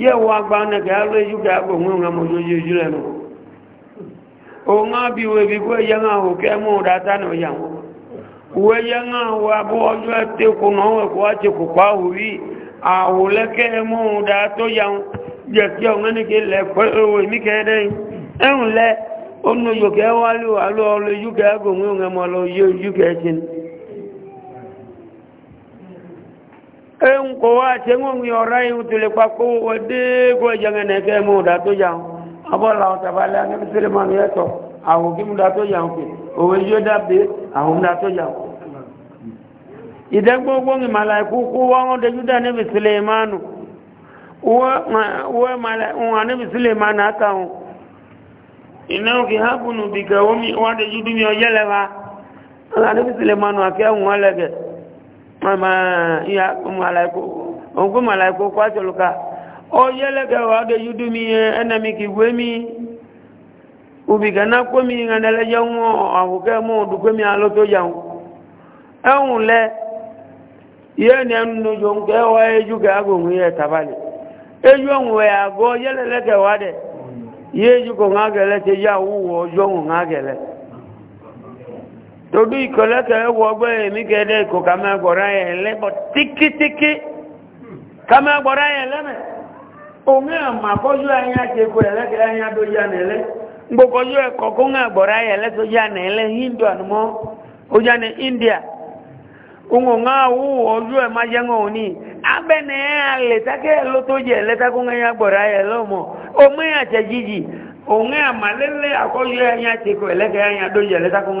yẹ̀wò agbáwọn ẹ̀kẹ́ ya kẹ́ agbóhun ọmọ ojojú lẹ́nu òun ábí wèbí kó ẹyẹ ń àwò kẹ́ mú dáadáa ní ọjà wọn na ẹyẹ ń ẹnkọ wá tẹ́gbọ̀n ọ̀rá ihun tó lè papọ̀ ọdẹ́gbọ̀ ìjẹngẹnẹ̀kẹ́ mú ọ̀dá tó yàn abọ́là ọ̀tàbálẹ̀ anẹ́mísílẹ̀ máa ní ẹ̀tọ́ àwọn òkè ahụ tó yàn pé òwe yóò dábé àwọn múdá tó yàn. ìdẹ́gbọ́ gbọ́ngì màlà ikú kú mama ya malaiko onko malaiko kwa choluka o yele ke wa de yudumi enemi ki gwemi ubigana ko mi nganele yawo awuke mu du ko mi alo to yawo ehun le ye ne nu jo nke wa eju ga agun ye tabale eju ohun le ke todu ìkọlẹ́tọ̀ ẹ wọ ọgbẹ́ èmi gẹ́gẹ́ kò ká máa gbọ́ra yẹn lẹ́bọ̀ tíkítíkí ká máa gbọ́ra yẹn lẹ́mẹ̀ òun àmà kọjú ẹyin àtẹkù ẹlẹ́kẹ́ ẹyin àdójú àná ẹlẹ́ gbogbojú ẹ̀kọ́ kó ń hindu ànumọ́ ojú india òun ò ń wú ojú ẹ̀ máa jẹ́ ń òun ní abẹ́nẹ́ alẹ́ tákẹ́ lótójì ẹ̀lẹ́ta kó ń gbọ́ra yẹn lọ́mọ́ òun àtẹ̀jíjì òun àmà lẹ́lẹ́ àkọ́jú ẹyin àtẹkù ẹlẹ́kẹ́ ẹyin àdójú ẹ̀lẹ́ta kó ń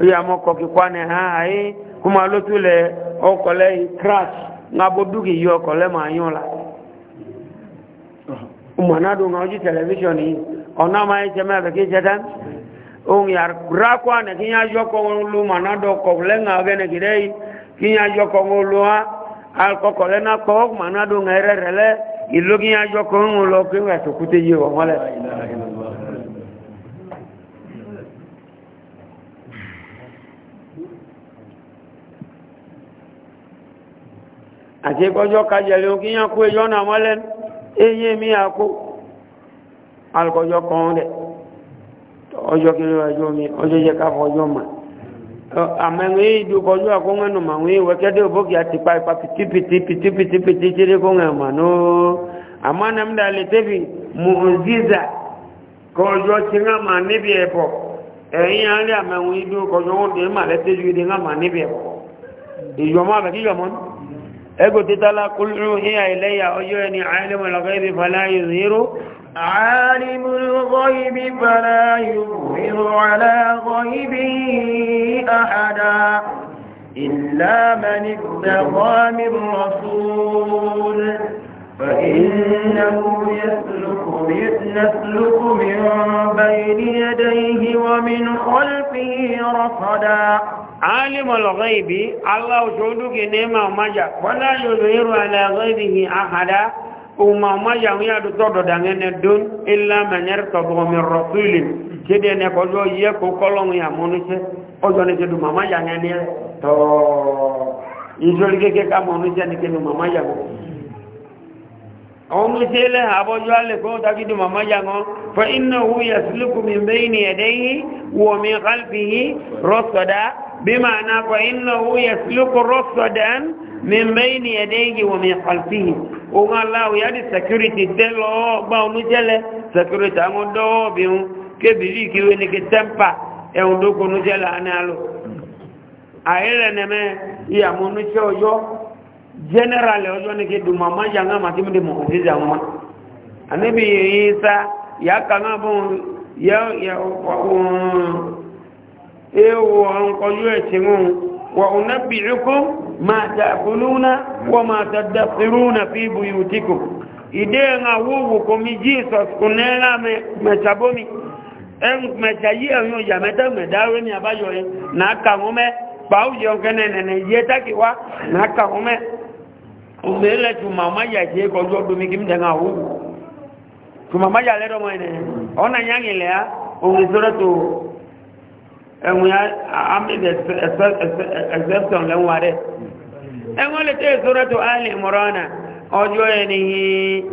ya moko kikwane ha ai kuma lotule okole crash ngabo dugi yo kole mayola umana uh-huh. do ngaji television yi ona mai jema be ki jadan on yar rakwa ne kinya joko ngulu mana do ko lenga gene gidei kinya joko ngulu ha al kokole na ko mana do ngere rele ilogi ya joko ngulu ki wa to kute yi wa mala àti ẹgbọ́jọ́ kajẹ̀lẹ̀ òkíyàn kó ẹjọ́ náà mọ́lẹ́ eyé mi àkó alùkọjọ́ kan rẹ̀ ọjọ́ kí ló ẹjọ́ mi ọjọ́ jẹ́ káfọ́ ọjọ́ mà àmẹ́rin èyí dùkọjọ́ àkóńgẹ́nu màwọn èyí wẹ́kẹ́dẹ́ òbókì àti paipa pìtìpìtìpìtìpìtì kéré kóńgẹ́ mà nóó àmọ́ nàmdà lè tẹ́bi mùsíza kọjọ́ tí ń mà níbi ẹ̀bọ̀ ẹ̀yìn àárẹ̀ náà اقول تلا قل اوحي الي اجرني عالم الغيب فلا يظهر عالم الغيب فلا يظهر على غيبه احدا الا من ارتضى من رسول فانه يسلك من, يسلك من بين يديه ومن خلفه رصدا alimul ghaibi Allah tuduki nema maja wala yuzhiru ala ghaibihi ahada umma maja ya do todo dangene dun illa man yartabu min rasulin kede ne ko do ye ko kolon ya munuse o do ne do mama ya ne to izol ke àwọn mẹ́sẹ̀ ilẹ̀ àbọ́jọ́ alẹ́kọ́ takídì màmá yàngọ́ fẹ́ iná hu yasluku min bayni yadayhi wa min khalfihi rasada bí máa na fẹ́ iná hu yasluku rasadan min bayni yadayhi wa min khalfihi ohun aláwọ̀ yàdì security tẹ́lọ ọgbà onújẹ́lẹ̀ security àwọn dọ́ọ̀bìnrin kébìlì kiri ní kí tẹ́mpa ẹ̀hùn dókòó onújẹ́lẹ̀ àná lọ àìrẹ̀ nẹ́mẹ́ general ọjọ́ ní kí dùnmọ̀ máa yà ńgá máa kí mìí mọ̀ òjíjà wọn àníbi yìí sá yà kà náà bọ́n yà ọ̀hún ewu ọ̀nkọ̀jú ẹ̀ṣẹ̀ wọn wà ọ̀nà bìíkú máa tàkùlúnà wọ́n máa tàdàfirúnà fi buyutiku ìdé ẹ̀ngà wúwù kò mi jesus kò náírà mẹ̀ṣàbómi mẹ̀ṣà yí ẹ̀yìn òyà mẹ́ta mẹ̀dáwé ní àbáyọ̀ yẹn náà kà wọ́n mẹ́ pàáwù yẹn nẹ̀nẹ̀ yẹ tákì wá náà kà wọ́n mẹ́ umele tumama yaje kojo dumi kimdanga hu tumama ya lero mwene ona nyangile ya ungisura tu enwa exception le ware enwa le te suratu ali imran ojo eni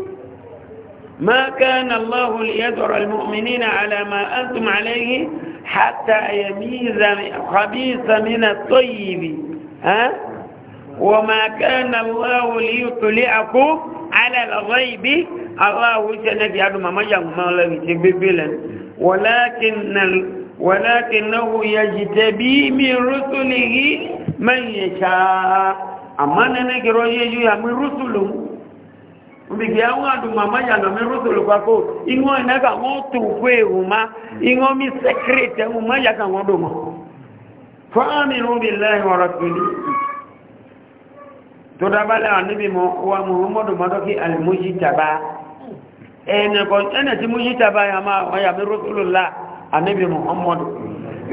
ما كان الله ليذر المؤمنين على ما أنتم عليه حتى يميز خبيث من الطيب ها وما كان الله ليطلعكم على الغيب الله جنك يا ما ما لم تبيلن ولكن ولكنه يجتبي من رسله من يشاء اما نك رويجو يا من رسله mbigi àwọn aduma maya na mirusulu kwako ingo inaka ngotu kwe uma ingo mi secret uma ya ka ngodomo fa aminu billahi tó dábálẹ̀ àníbì wa muhammadu madoki al-mujitaba ẹnà tí mujitaba ya máa wáyà bí rọ́tùlùlá àníbì muhammadu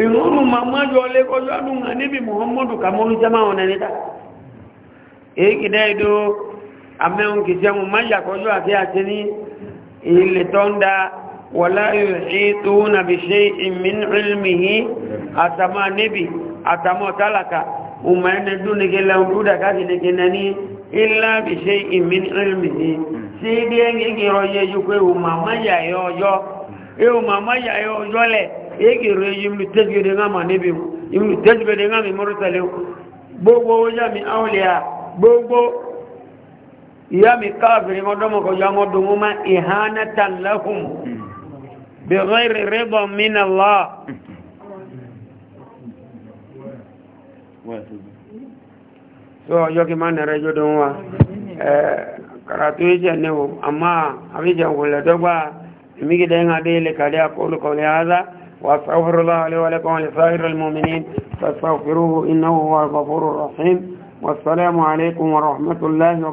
ìrúnrù ma máa yọ lẹ́kọ́jọ́ ọdún àníbì muhammadu kàmọ́rún jẹ́ máa ọ̀nà níta èyí kìdá ìdó amẹ́hùn kìsẹ́ mú máa yàkọ́jọ́ àti àti ní ilẹ̀ tó ń da wọlá ìrìn tó nàbì ṣe ìmìn ilmihi àtàmọ́ àníbì àtàmọ́ tálàkà umarni dunike launu da kafin da ginani illa bi ṣe imin ilmihi sí bí ẹni kìrọ yẹ ju pé o màmá yà yọ ọjọ́ e o màmá yà yọ ọjọ́ lẹ̀ e kìrọ yẹ imlu tẹ́sibẹ̀dẹ̀ ńlá mà níbi imlu tẹ́sibẹ̀dẹ̀ ńlá mi mọ́rọ́tẹ̀lẹ̀ gbogbo ọjà mi áwòlẹ́à gbogbo ìyá mi káàbìrì ọdọ́mọkọjọ́ ọmọdún mọ́ ìhánátà lẹ́kùn bẹ̀rẹ̀ rẹ̀ bọ̀ so ọjọ́ kí máa nẹ̀rẹ́ jódó wa karatu ije ni o amma abije wule dogba migi da yin adele kade akolu kawle haza wa astaghfirullah li wa lakum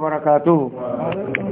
wa li